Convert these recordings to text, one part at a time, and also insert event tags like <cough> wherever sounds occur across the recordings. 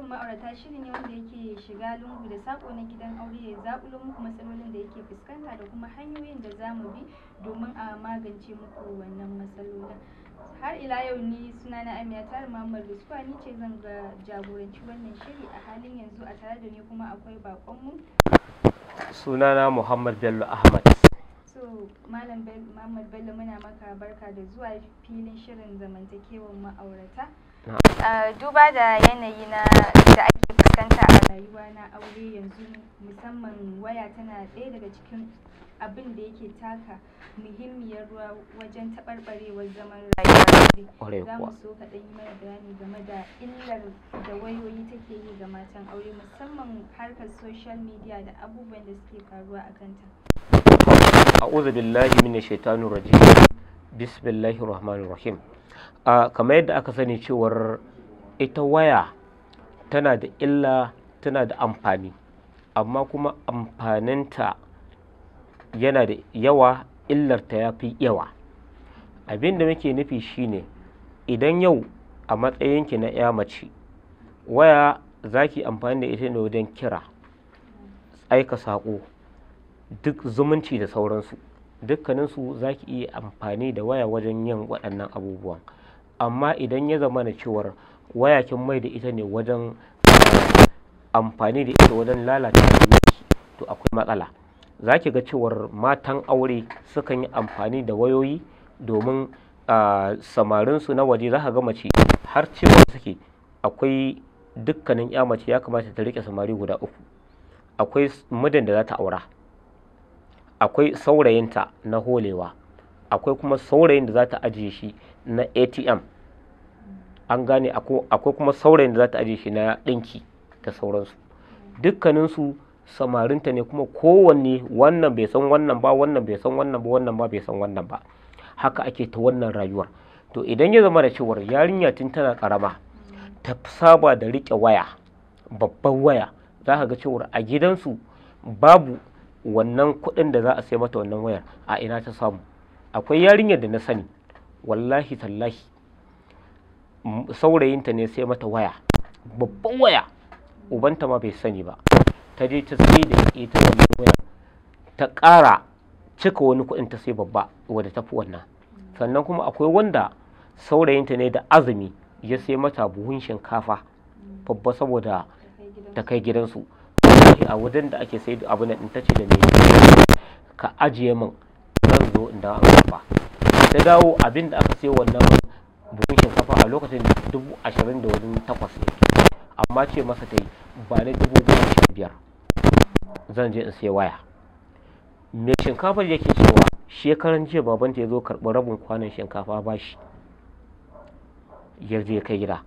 Shirin ma'aurata shiri ne wanda yake shiga lungu da sako na gidan aure ya zaɓi muku matsalolin da yake fuskanta da kuma hanyoyin da za mu bi domin a magance muku wannan matsalolin. Har ila yau ni suna na Amiya Tare Muhammad Ruskuwa ni ce zan ga jagoranci wannan shiri a halin yanzu a tare da ni kuma akwai mu Sunana Muhammad Bello Ahmad. to malam muhammad bello muna maka barka da zuwa filin shirin zamantakewar ma'aurata duba da yanayi na da ake fuskanta a rayuwa na aure yanzu musamman waya tana ɗaya daga cikin abin da yake taka muhimmiyar ruwa wajen taɓarɓarewar zaman rayuwa za mu so ka ɗan yi mana bayani game da illar da wayoyi take yi ga matan aure musamman harkar social media da abubuwan da suke faruwa a kanta a'udhu billahi minash shaitanir rajim bismillahir rahmanir rahim a kamar yadda aka sani cewar ita waya tana da illa tana da amfani amma kuma amfaninta yana da yawa illarta ya fi yawa Abinda muke nufi shine idan yau a matsayinki na ya mace waya zaki ki amfani da ita ne wajen kira aika saƙo duk zumunci da sauransu dukkaninsu za ki iya amfani da waya wajen yin waɗannan abubuwan amma idan ya zama na cewar waya kin mai da ita ne wajen amfani da ita wajen lalata zumunci to akwai matsala za ki ga cewar matan aure sukan yi amfani da wayoyi domin samarinsu na waje za ka ga mace har cewa suke akwai dukkanin ya mace ya kamata ta riƙe samari guda uku akwai mudan da za ta aura akwai saurayinta na holewa akwai kuma saurayin da za ta ajiye shi na atm an gane akwai kuma saurayin da za ta ajiye shi na ɗinki da sauransu dukkaninsu samarinta ne kuma kowanne wannan bai san wannan ba wannan bai san wannan ba wannan ba bai san wannan ba haka ake ta wannan rayuwar to idan ya zama da cewar yarinya tun tana karama ta saba da riƙe waya babban waya za ka ga cewar a gidansu babu wannan kuɗin da za a sai mata wannan wayar a ina ta samu akwai yarinyar da na sani wallahi tallahi saurayinta ne sai mata waya babban waya ubanta ma bai sani ba ta je ta sai da ita wannan waya ta ƙara cika wani kuɗin ta sai babba wadda ta fi wannan sannan kuma akwai wanda saurayinta ne da azumi ya sai mata buhun shinkafa babba saboda ta kai gidansu a wajen da ake sai abu na ta ce da ne ka ajiye min zan zo in dawo an kafa ta dawo abin da aka sayo wannan buhun shinkafa a lokacin dubu ashirin da wajen takwas ne amma ce masa ta yi ba ni dubu goma sha biyar zan je in sai waya mai shinkafar yake cewa shekaran jiya babanta ya zo karɓi rabin kwanon shinkafa ba shi ya je kai gida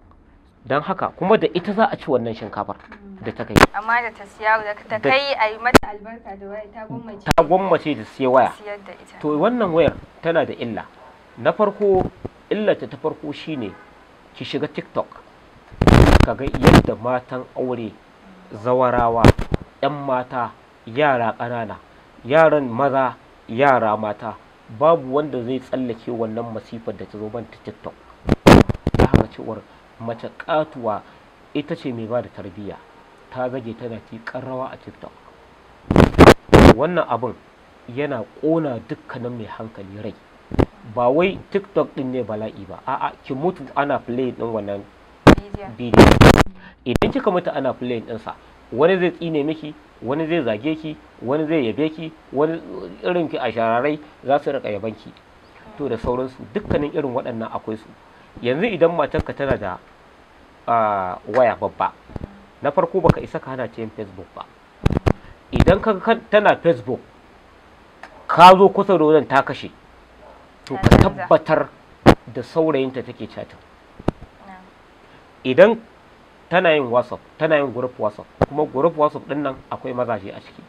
don haka kuma da ita za a ci wannan shinkafar da ta kai amma da ta siya da ta kai a yi mata albarka da waya ta gwammace ta gwammace da siya waya to wannan wayar tana da illa na farko illarta ta farko shine ki shiga tiktok ka ga yadda matan aure zawarawa 'yan mata yara ƙanana yaran maza yara mata babu wanda zai tsallake wannan masifar da ta zo ban ta tiktok mace katuwa ita ce mai ba da tarbiyya ta zage tana ki rawa a tiktok wannan abin yana ƙona dukkanin mai hankali rai ba wai tiktok din ne bala'i ba a'a ki mutu ana play ɗin wannan bidiyo idan kika mutu ana play ɗinsa wani zai tsine miki wani zai zage ki wani zai yabe ki wani irin ki a shararai za su riƙa yabanki to da sauransu dukkanin irin waɗannan akwai su yanzu idan matarka tana da waya babba na farko baka isa ka hana ta yin facebook ba idan ka tana facebook ka zo kusa da wajen ta kashe to ka tabbatar da saurayinta take chatin idan tana yin whatsapp tana yin group whatsapp kuma group whatsapp din nan akwai mazaje a ciki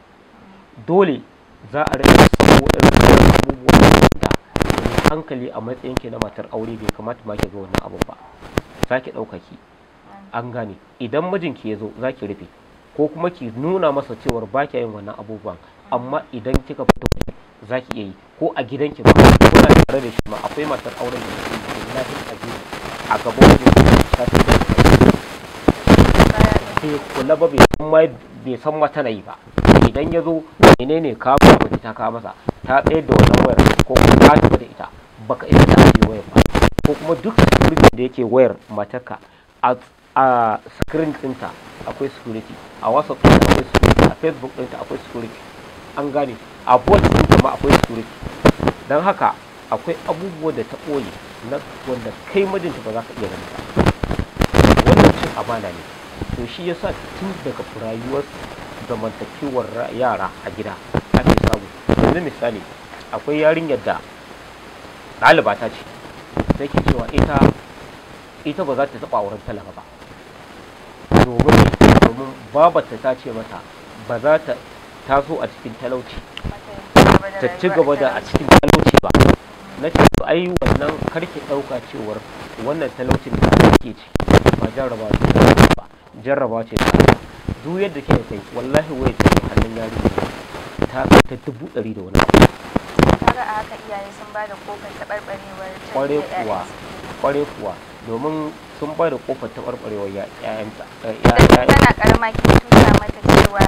dole za a rage samu da hankali a matsayin ke na matar aure bai kamata ma ke zo wannan abu ba sake ki. an gane idan mijinki ya zo za ki rufe ko kuma ki nuna masa cewar ba yin wannan abubuwan amma idan kika fito za ki iya yi ko a gidanki ba kuna tare da shi ma akwai matar auren da yi na a ajiyar a gaban wajen ta fi da kula ba bai san ma tana yi ba idan ya zo menene ka ba ba ta ka masa ta tsaye da wannan wayar ko kuma ta tafi da ita baka iya ta ajiye wayar ba ko kuma duk da yake wayar matarka a a screen ɗinta akwai security a whatsapp ɗinta akwai security a facebook ɗinta akwai security an gane a bot ɗinta ma akwai security don haka akwai abubuwa da ta ɓoye na wanda kai mijinta ba za ka iya ganin wannan cin amana ne to shi yasa tun daga rayuwar zamantakewar yara a gida ake samu yanzu misali akwai yarinyar da ɗaliba ta ce take cewa ita ita ba za ta taɓa auren talaka ba domin domin babarta ta ce mata ba za ta taso a cikin talauci ta ci gaba da a cikin talauci ba na ce ai wannan karki ɗauka cewar wannan talaucin da ke ci ba jarraba ce ba jarraba ce duk yadda ke kai wallahi wai ta hannun yari ta kai ta dubu ɗari da wani kaga a haka iyaye sun ba da kofar taɓarɓarewar kwarai kuwa kware kuwa domin sun ba da kofar taɓarɓarewar ‘ya'yanta. Eh, Tana ƙarama ki tuta mata cewa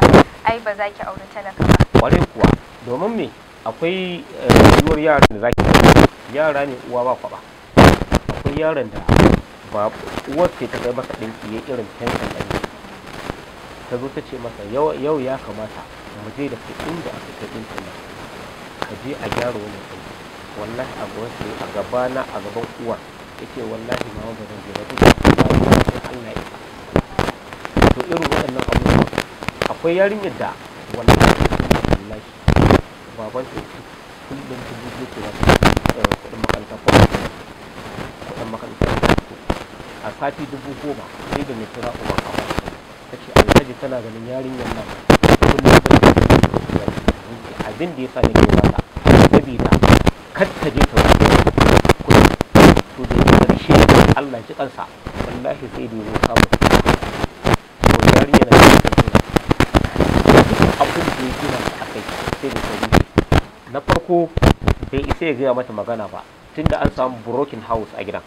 ai ba za ki aure talaka ba. Ƙwarai kuwa domin me akwai eh, yiwuwar yaran da za ki aure yara ne uwa ba kwaba Akwai yaran da ba uwar ce ta kai masa ɗinki ya irin tankan ɗan ta zo ta ce masa yau ya kamata mu je da kuɗin da aka kai ɗinki nan ka je a gyara wani ɗin wannan abuwa ce a gabana a gaban uwar yake wallahi ma ba zai duk Allah ya to irin waɗannan abubuwa akwai yarinyar da wallahi wallahi baban ta kullum ta duk makaranta ko makaranta a sati dubu goma sai da mai kira ta ce alhaji tana ganin yarinyar nan kullum ta abin da ya sa nake wata sabida kar ta je ta wata Allah ji kansa wallahi sai da yau samu to yari yana da abin da ya gina akai sai da shi na farko bai isa ya gaya mata magana ba tunda an samu broken house a gidan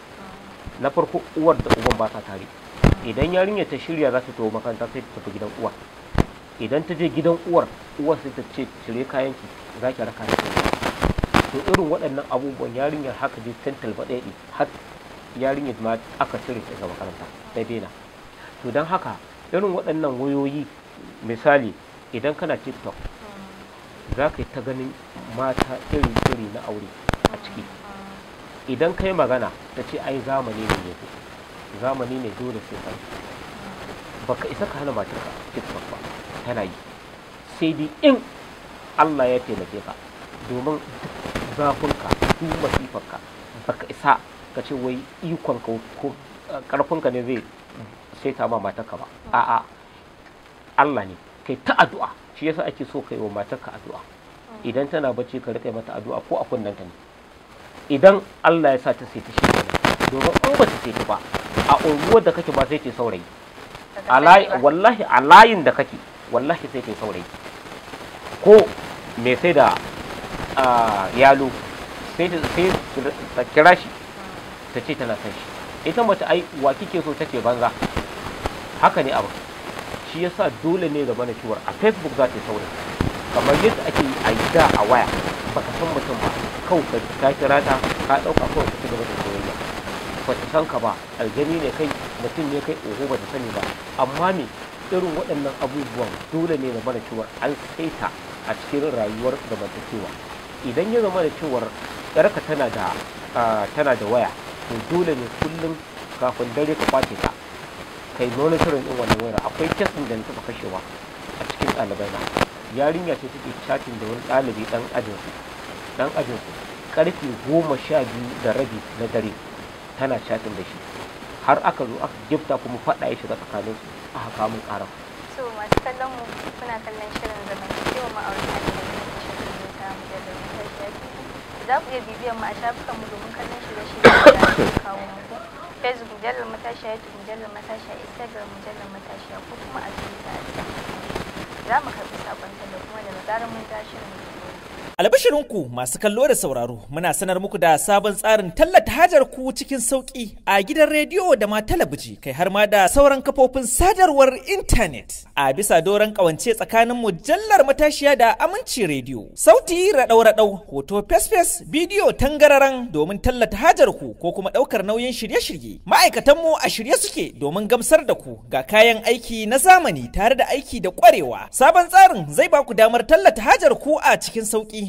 na farko uwar da uban ba ta tare idan yarinyar ta shirya za ta tafi makaranta sai ta tafi gidan uwa idan ta je gidan uwar uwar sai ta ce cire kayan ki za ki raka ta to irin waɗannan abubuwan yarinyar haka je central ba ɗaya har yarinyar ma aka cire daga makaranta ta daina to don haka irin waɗannan wayoyi misali idan kana tiktok za ka yi ta ganin mata irin iri na aure a ciki idan ka yi magana ta ce ai zamani ne ne zamani ne dole sai kai baka isa ka hana ka tiktok ba tana yi sai dai in allah ya taimake ka domin zafinka duk masifarka baka isa ka ce wai ikon ka ko karfin eh, ka ne zai sai ta ma matarka ba a'a Allah ne kai ta addu'a shi yasa ake so kai wa matarka addu'a idan tana bacci ka rika mata addu'a ko a ta ne idan Allah ya sa ta sai ta shi domin in ba ta sai ta ba a unguwar da kake ba sai ta saurayi wallahi a layin da kake wallahi sai ta saurayi ko me sai da ah, yalo sai ta kira shi ta ce tana san shi ita mace ai wa kike so take banza haka ne abu shi yasa dole ne ga na cewa a facebook za ta kamar yadda ake yi a da a waya baka san mutum ba kawai ka ta kira ta ka dauka ko ka ci gaba da soyayya ba ta san ka ba aljani ne kai mutum ne kai oho ba ta sani ba amma me irin waɗannan abubuwan dole ne ga da cewa an saita a cikin rayuwar cewa idan ya zama da cewar yarka tana da ah, tana da waya to dole ne kullum kafin dare ka kwace ta kai monitoring din wannan wayar akwai kesin da na taɓa kashewa a cikin ɗalibai na yarinya ce take chatting da wani ɗalibi ɗan ajinsu ɗan ajinsu ƙarfe goma sha biyu da rabi na dare tana chatting da shi har aka zo aka gifta kuma faɗa ya shiga tsakanin su a haka mun ƙara. so masu kallon mu kuna kallon shirin zamantakewa ma'aurata da ta mujallar ta shafi za ku iya bibiyar mu a shafukanmu domin kallon shirye-shiryen da kawo muku facebook mujallar matashiya youtube mujallar matashiya instagram mujallar matashiya ko kuma a twitter za mu karɓi sabon da kuma daga zarar mun tashi mu Albashirinku masu kallo da sauraro muna sanar muku da sabon tsarin tallata hajar ku cikin sauƙi a gidan rediyo da ma talabiji kai har ma da sauran kafofin sadarwar intanet a bisa doron kawance tsakanin mujallar matashiya da aminci rediyo sauti raɗau-raɗau hoto fesfes bidiyo tangararan domin tallata hajar ku ko kuma ɗaukar nauyin shirye-shirye ma'aikatanmu a shirye suke domin gamsar da ku ga kayan aiki na zamani tare da aiki da ƙwarewa sabon tsarin zai ba ku damar tallata hajar ku a cikin sauƙi.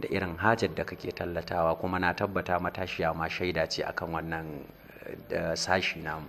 da irin hajar da kake tallatawa kuma na tabbata matashiya ma shaida ce akan wannan eh, sashi namu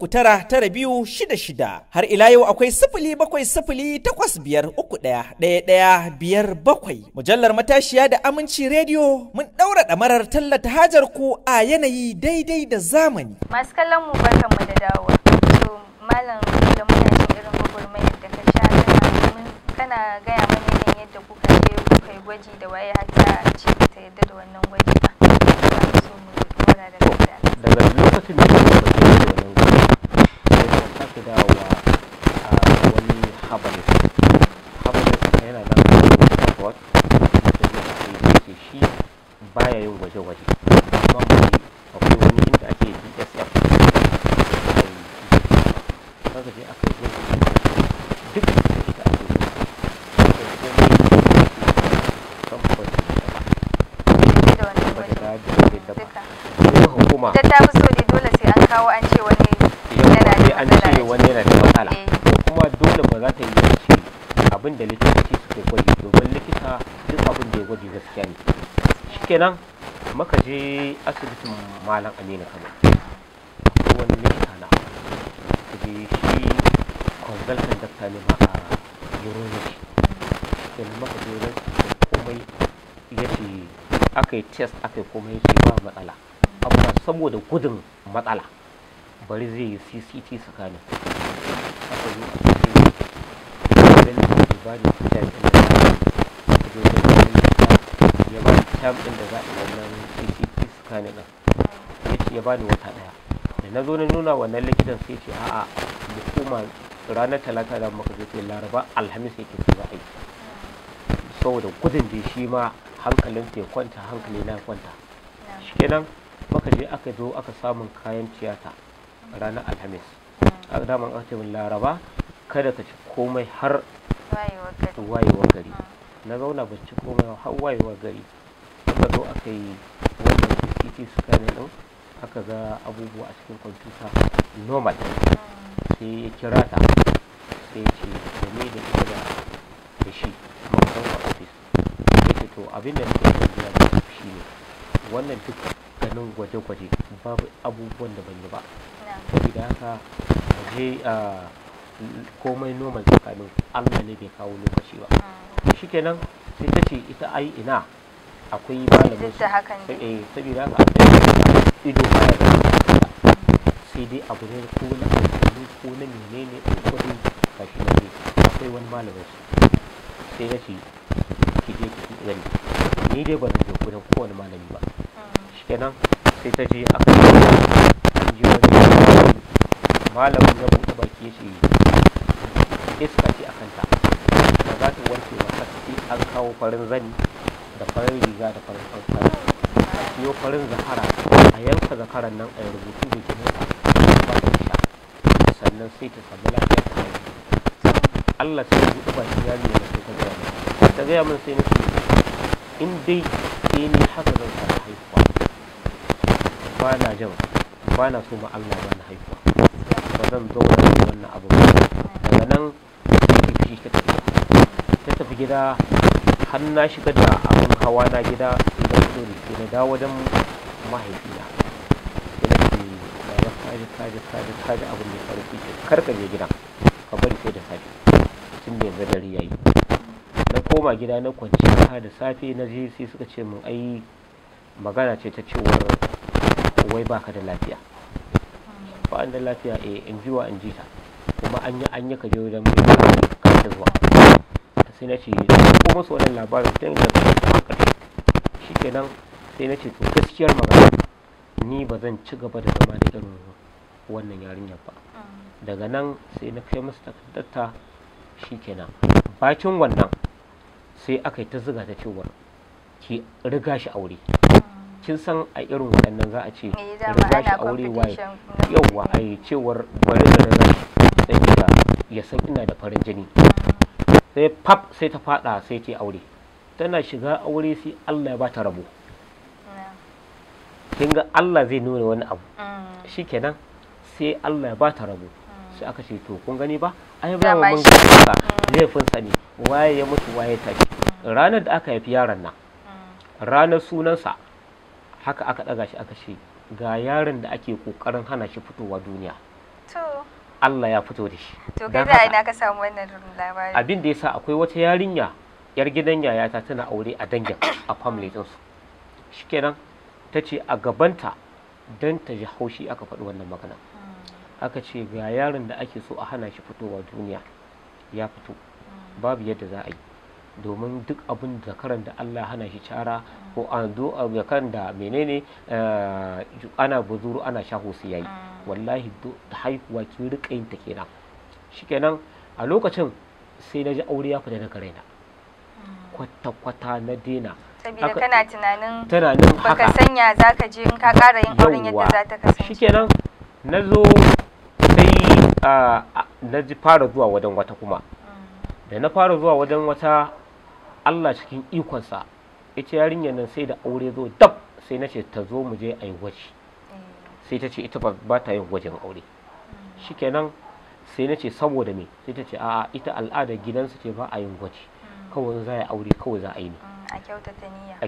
uku tara tara biyu shida shida har ila yau akwai sifili bakwai sifili takwas biyar uku ɗaya ɗaya ɗaya biyar bakwai mujallar matashiya da aminci rediyo mun ɗaura ɗamarar tallata hajar ku a yanayi daidai da zamani. masu kallon mu mu da dawowa to malam da muna jin irin gwagwarmayar da ka sha kana gaya mana yanayin yadda kuka je kuka yi gwaji da waye hata a ce ta yarda da wannan gwaji ba daga lokacin da kuma da ke da wani sai ka sake dawowa a wani habalis habalis yana da wani support da ke shi baya yin gwaje-gwaje koma ta ta so ne dole sai an kawo an ce wani yana da an ce wani yana da matsala eh. to kuma dole ba za ta yi shi abin da likitoci suke gwaji domin likita duk abin da ya gwaji gaskiya ne shikenan muka je asibitin malam aminu kama wani likita na ta je shi consultant dakta ne ma a urology shikenan muka je wurin komai ya ce aka yi test aka yi komai ya ce ba matsala saboda gudun matsala bari zai yi cct tsakanin aka ya ba ni cam ɗin da za a wannan cct tsakanin ya ba ni wata ɗaya da na zo na nuna wannan likitan sai ce a'a mu koma ranar talata da muka zo laraba alhamis yake ke za a yi saboda gudun da shi ma hankalin ya kwanta hankali na kwanta shikenan maka je aka zo aka samun kayan tiyata ranar alhamis hmm. a daman aka laraba kada ka ci komai har wayewar gari hmm. na zauna ba ci komai har wayewar gari aka zo aka yi wannan ct scanning din aka ga abubuwa a cikin kwamfuta normal hmm. sai ya kira ta sai ce da ne da ita da shi makarar ofis sai ce to abin da nake yi shi ne wannan duk nan gwaje-gwaje babu abubuwan da ban yi ba saboda haka je ah, komai normal tsakanin allah ne bai kawo lokaci ba shi kenan, sai ta ce ita ai ina akwai malamin su eh, eh saboda haka ido baya da sai dai abu ne ko na amfani ko na menene ko dai kashi na ne akwai wani malamin su sai na ce ki je ki gani ni dai ban zo ko kowane malami ba shikenan sai ta je aka yi an ji wani malamin ya buɗe baki ya ce iska ce a kanta ba za ta wanke ba ta ce an kawo farin zani da farin riga da farin farin a siyo farin zakara a yanka zakaran nan a rubutu da nuna ba ta sha sannan sai ta samu lafiya ta Allah sai ya buɗe baki ya nuna sai ta gaya min sai na ce in dai sai eh, ni haka zan samu haihuwa ba na bana so ma Allah ba na haihuwa ba zan zo da wannan abu ba daga nan ta tafi ta tafi gida har na shiga da abin hawa na gida da fito da ke na dawo wajen mahaifina ina ce ya kaji kaji kaji kaji abin da ya faru ke karka je gida ka bari sai da safe tun da yanzu dare yayi na koma gida na kwanciya da safe na je sai suka ce mun ai magana ce ta cewar wai baka da lafiya ba da lafiya eh in ji in ji ta kuma an yi an yi ka je wajen mai kan da zuwa sai na ce ko masu wannan labarin ta sai na ce haka shi kenan sai na ce to gaskiyar magana ni ba zan ci gaba da zama da irin wannan yarinyar ba daga nan sai na kai masu takardarta shi kenan bakin wannan sai aka yi ta zuga ta cewar ki riga shi aure kin san a irin waɗannan za a ce za eh, shi aure waye yauwa a yi cewar bari da nan sai ga ya san ina da farin jini sai pap sai ta fada sai ta aure tana shiga aure sai Allah ya ba ta rabo kin ga Allah zai nuna wani abu mm. shikenan sai Allah ya ba ta rabo mm. sai aka ce to kun gani ba ai ba mu mun ga zai fin sani. waye ya mutu waye tafi mm. ranar da aka haifi yaron nan ranar sunansa haka aka ɗaga shi aka ce ga yaron da ake ƙoƙarin hana shi fitowa duniya Allah ya fito da shi to kai da ina ka samu wannan labari abin da yasa akwai wata yarinya yar gidan yayata tana aure a dangin a family din mm. su shikenan ta ce a gabanta dan ta ji haushi aka faɗi wannan magana mm. aka ce ga yaron da ake so a hana shi fitowa duniya ya fito mm. babu yadda za a yi domin duk abin da karan da Allah hana shi cara ko an zo da kan da menene eh, ana buzuru ana shaho su yayi mm. wallahi haihuwa ki rika yin ta kenan shikenan a lokacin sai na ji aure ya fita daga raina mm. kwata-kwata na dena saboda kana tunanin tunanin baka sanya zaka je in ka kara yin auren yadda za ta kasance shikenan na zo sai ah, na ji fara zuwa wajen wata kuma mm. da na fara zuwa wajen wata Allah cikin ikonsa ita yarinyar nan sai da aure zo dab sai na ce ta zo mu je a yi gwaji eh. sai ta ce ita ba ta yin gwajin aure hmm. shikenan sai na ce saboda me sai ta ce a ita al'adar gidansu ce ba a yin gwaji hmm. kawai za a yi aure kawai za a yi ne hmm, a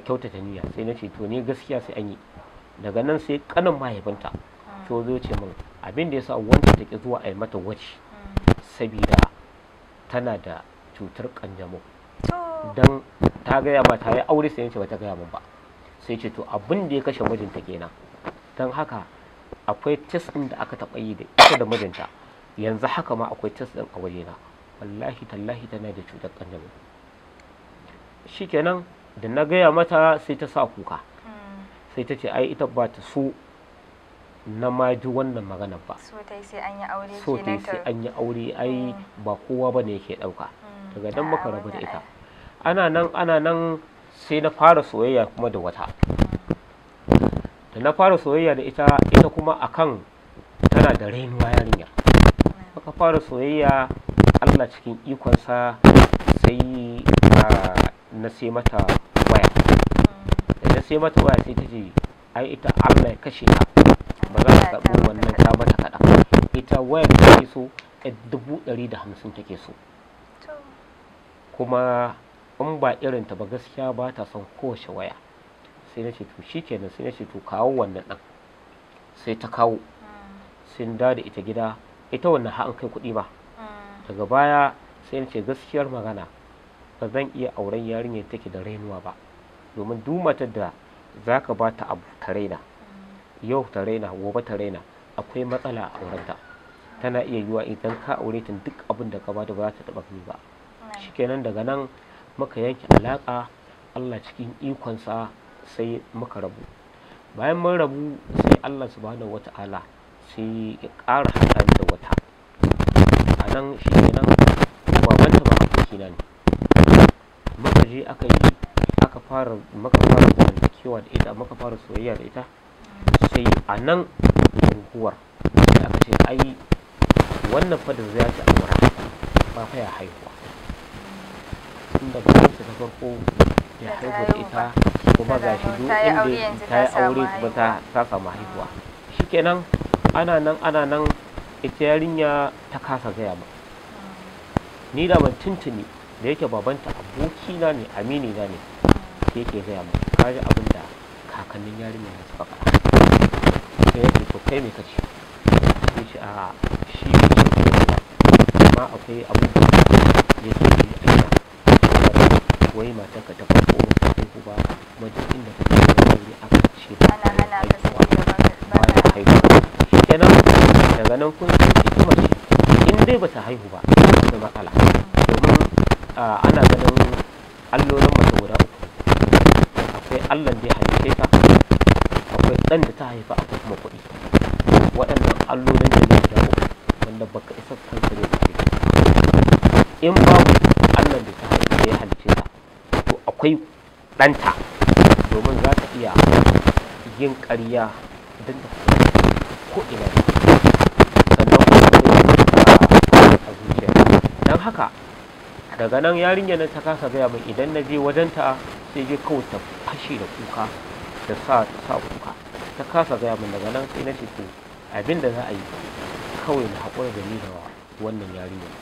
kyautata niyya sai na ce to ne gaskiya sai an yi daga nan sai kanan mahaifinta to zo ce min abin da sa wanda ta ki zuwa a yi mata gwaji Sabida tana da cutar kanjamau don ta gaya ba ta yi aure sai ce ta gaya min ba sai ce to abin da ya kashe mijinta kenan don haka akwai tes ɗin da aka taɓa yi da ita da mijinta yanzu haka ma akwai tes ɗin a na wallahi tallahi tana da cutar shi shikenan da na gaya mata sai ta sa kuka sai ta ce ai ita ba ta so na ma ji wannan magana ba so ta yi sai an yi aure ai mm. ba kowa ba ne yake ɗauka mm. daga dan muka rabu da ita ana nan ana nan sai na fara soyayya kuma da wata da na fara soyayya da ita ita kuma akan tana da rainuwa yarinya aka fara soyayya allah cikin ikonsa sai ah, na sai mata waya da na sai mata waya sai ta ce ai ita allah ya kashe ta ba za ta zaɓi wannan ta mata kaɗa ita waya da ke so dubu ɗari da hamsin take so kuma in ba irin ta ba gaskiya ba ta son kowace waya sai na ce to shi kenan sai na to kawo wannan ɗan sai ta kawo sai da da ita gida ita wannan ha an kai kuɗi ba daga baya sai nace gaskiyar magana ba zan iya auren yarinyar take da rainuwa ba domin duk matar da za ka ba ta abu ta raina yau ta raina gobe ta raina akwai matsala a aurenta tana iya yiwa idan ka aure ta duk abin da ka ba da ba za ta taɓa ba shikenan daga nan muka yanke alaƙa Allah cikin ikonsa sai muka rabu bayan mun rabu sai Allah subhanahu wata'ala sai ya ƙara haɗa da wata a nan shi kenan babanta ba kina ne muka je aka yi aka fara muka fara zamantakewa da ita muka fara soyayya da ita sai a nan guguwar da aka ce ai wannan fadar zai ta aura ba fa ya haihuwa da ba ta ta farko ya haihu ita kuma ga shi duk inda ta yi aure kuma ta samu haihuwa kenan ana nan ana nan ita yarinya ta kasa gaya ba mm. ni da ban tuntuni da yake babanta abokina ne amini na ne sai yake gaya ma kaji abin da kakannin yarinya ya suka faɗa sai yake to kai me kace sai shi a shi amma akwai abin da yake kuma duk inda ka da wuri aka ce ba ta haihuwa kenan daga nan kun in dai ba ta haihu ba da matsala domin ana ganin allolin mace guda uku akwai allon da ya haife akwai dan da ta haifa akwai kuma kuɗi waɗannan allolin da ne wanda baka isa kansa ne kuɗi in babu allon da ta haifa ya halice ta to akwai ɗanta domin za ta iya yin ƙarya don ta ko ina sannan kuma a zuciya don haka daga nan yarinyar nan ta kasa gaya min idan na je wajenta sai je kawai ta fashe da kuka da sa sa kuka ta kasa gaya min daga nan sai na ce to abin da za a yi kawai na haƙura da ni da wannan yarinyar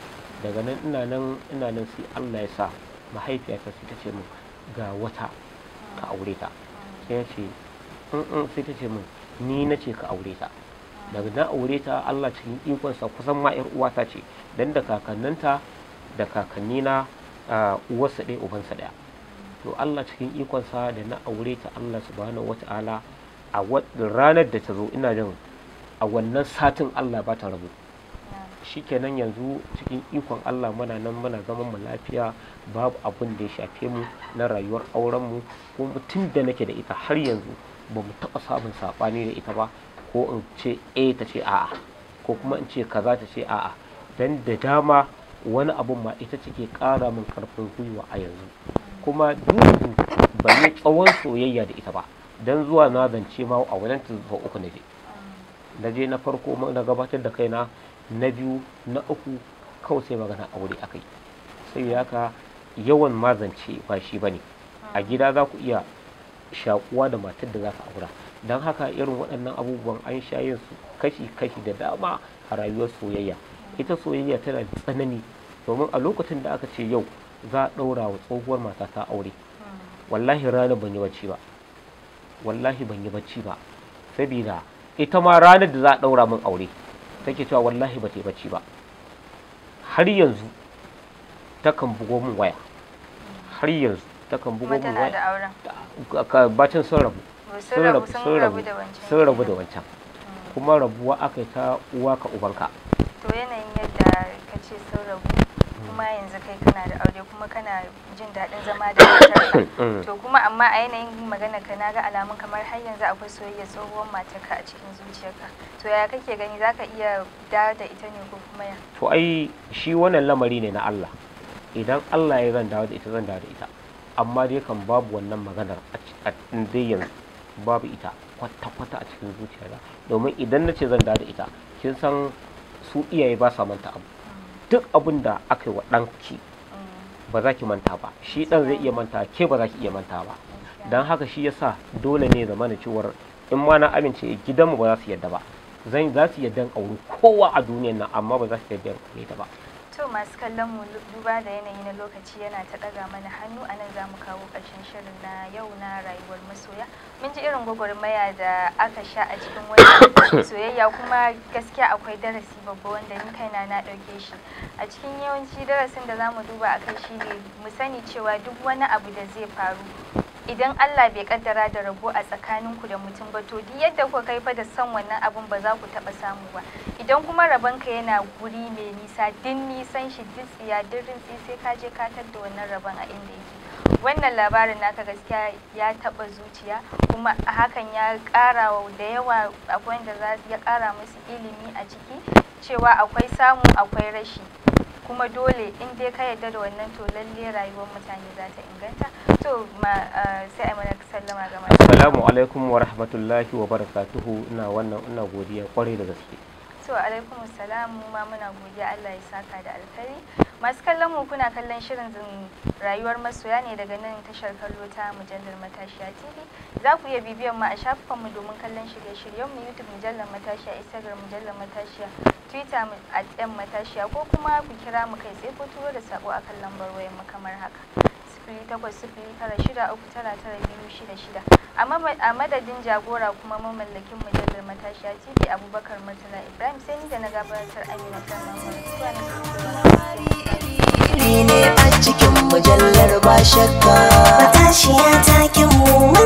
daga nan ina nan sai Allah ya sa mahaifiyata sai ta ce min ga wata ka aure ta sai ya ce mm, mm, sai ta ce min ni na ce ka aure ta daga na aure ta Allah cikin ikonsa kusan ma yar uwata ce dan da kakanninta da kakanni na uwarsa ɗaya ubansa ɗaya to Allah cikin ikonsa da na aure ta Allah subhanahu wata'ala a ranar da ta zo ina jin a wannan satin Allah ba ta rabu shikenan yanzu cikin ikon Allah muna nan muna zama mu lafiya babu abin da ya shafe mu na rayuwar auren mu ko mutum da nake da ita har yanzu ba mu taɓa samun saɓani da ita ba ko in ce a ta ce a'a ko kuma in ce kaza ta ce a'a dan da dama wani abun ma ita ce ke ƙara min karfin gwiwa a yanzu kuma duk ban yi tsawon soyayya da ita ba dan zuwa na zance ma a wajen ta uku na je na je na farko na gabatar da kaina na biyu na uku kawai sai magana aure akai sai ya ka yawan mazance ba shi bane a gida za ku iya shakuwa da matar da za ka aura don haka irin waɗannan abubuwan an sha yin su kashi-kashi da dama a rayuwar soyayya ita soyayya tana tsanani domin a lokacin da aka ce yau za a ɗaura wa tsohuwar mata ta aure wallahi ranar ban yi bacci ba wallahi ban yi bacci ba sabida ita ma ranar da za a ɗaura min aure take cewa wallahi ba ta bacci ba har yanzu takan bugo min waya har yanzu takan bugo min waya bacin sun rabu sun rabu sun rabu sun rabu da wancan hmm. kuma rabuwa aka yi ta uwa ka ubanka to yanayin yadda ka ce sun rabu kuma yanzu kai kana da aure kuma kana jin daɗin zama da matarka to kuma amma a yanayin magana ka na ga alamun kamar har yanzu akwai soyayya tsohuwar matarka a cikin zuciyarka to ya kake gani zaka iya dawo da ita ne ko kuma ya to ai shi wannan lamari ne na Allah idan Allah ya zan dawo da ita zan dawo da ita amma dai kan babu wannan maganar a dai yanzu babu ita kwata-kwata a cikin zuciyarka domin idan na ce zan dawo da ita kin san su iyaye ba sa manta abu duk abin da aka yi wa ɗanki ba za ki manta ba shi ɗan zai iya manta ke ba za ki iya manta ba don haka shi yasa dole ne zama da cewar in ma na amince gidanmu ba za su yadda ba zan za su yadda auri kowa a duniyan nan amma ba za su yadda aure ta ba to masu kallon mu duba da yanayi na lokaci yana ta ɗaga mana hannu a nan za mu kawo ƙarshen shirin na yau na rayuwar masoya mun ji irin gwagwarmaya da aka sha a cikin wannan <coughs> soyayya kuma gaskiya akwai darasi babba wanda ni kaina na ɗauke shi a cikin yawanci darasin da za mu duba a kai shine mu sani cewa duk wani abu da zai faru idan Allah bai kaddara da rabo a tsakanin ku da mutum ba to duk yadda kuka kai fa da san wannan abun ba za ku taba samu ba idan kuma ka yana guri mai nisa din nisan shi ditsiya, tsiya rintsi sai ka je ka tadda wannan rabon a inda yake wannan labarin naka gaskiya ya taba zuciya kuma hakan ya kara da yawa akwai wanda ya kara musu ilimi a ciki cewa akwai samu akwai rashi kuma dole in dai ka yarda da wannan to lalle rayuwar mutane za ta inganta to sai a mana sallama ga assalamu alaikum wa rahmatullahi wa barakatuhu ina wannan ina godiya kwarai da gaske To alaikum salam ma muna godiya Allah ya saka da alkhairi. Masu kallon mu kuna kallon shirin rayuwar masoya ne daga nan tashar kallo ta mujallar matashiya TV. Za ku iya bibiyan mu a mu domin kallon shirye-shiryen mu YouTube mujallar matashiya, Instagram mujallar matashiya, Twitter at matashiya ko kuma ku kira mu kai tsaye ko turo da sako akan lambar wayar mu kamar haka. sifili takwas sifili tara shida uku tara tara biyu shida shida a madadin jagora kuma mamallakin mujallar matashiya tv abubakar murtala ibrahim sai ni da na gabatar amina sannan ne a cikin mujallar ba shakka matashiya ta kin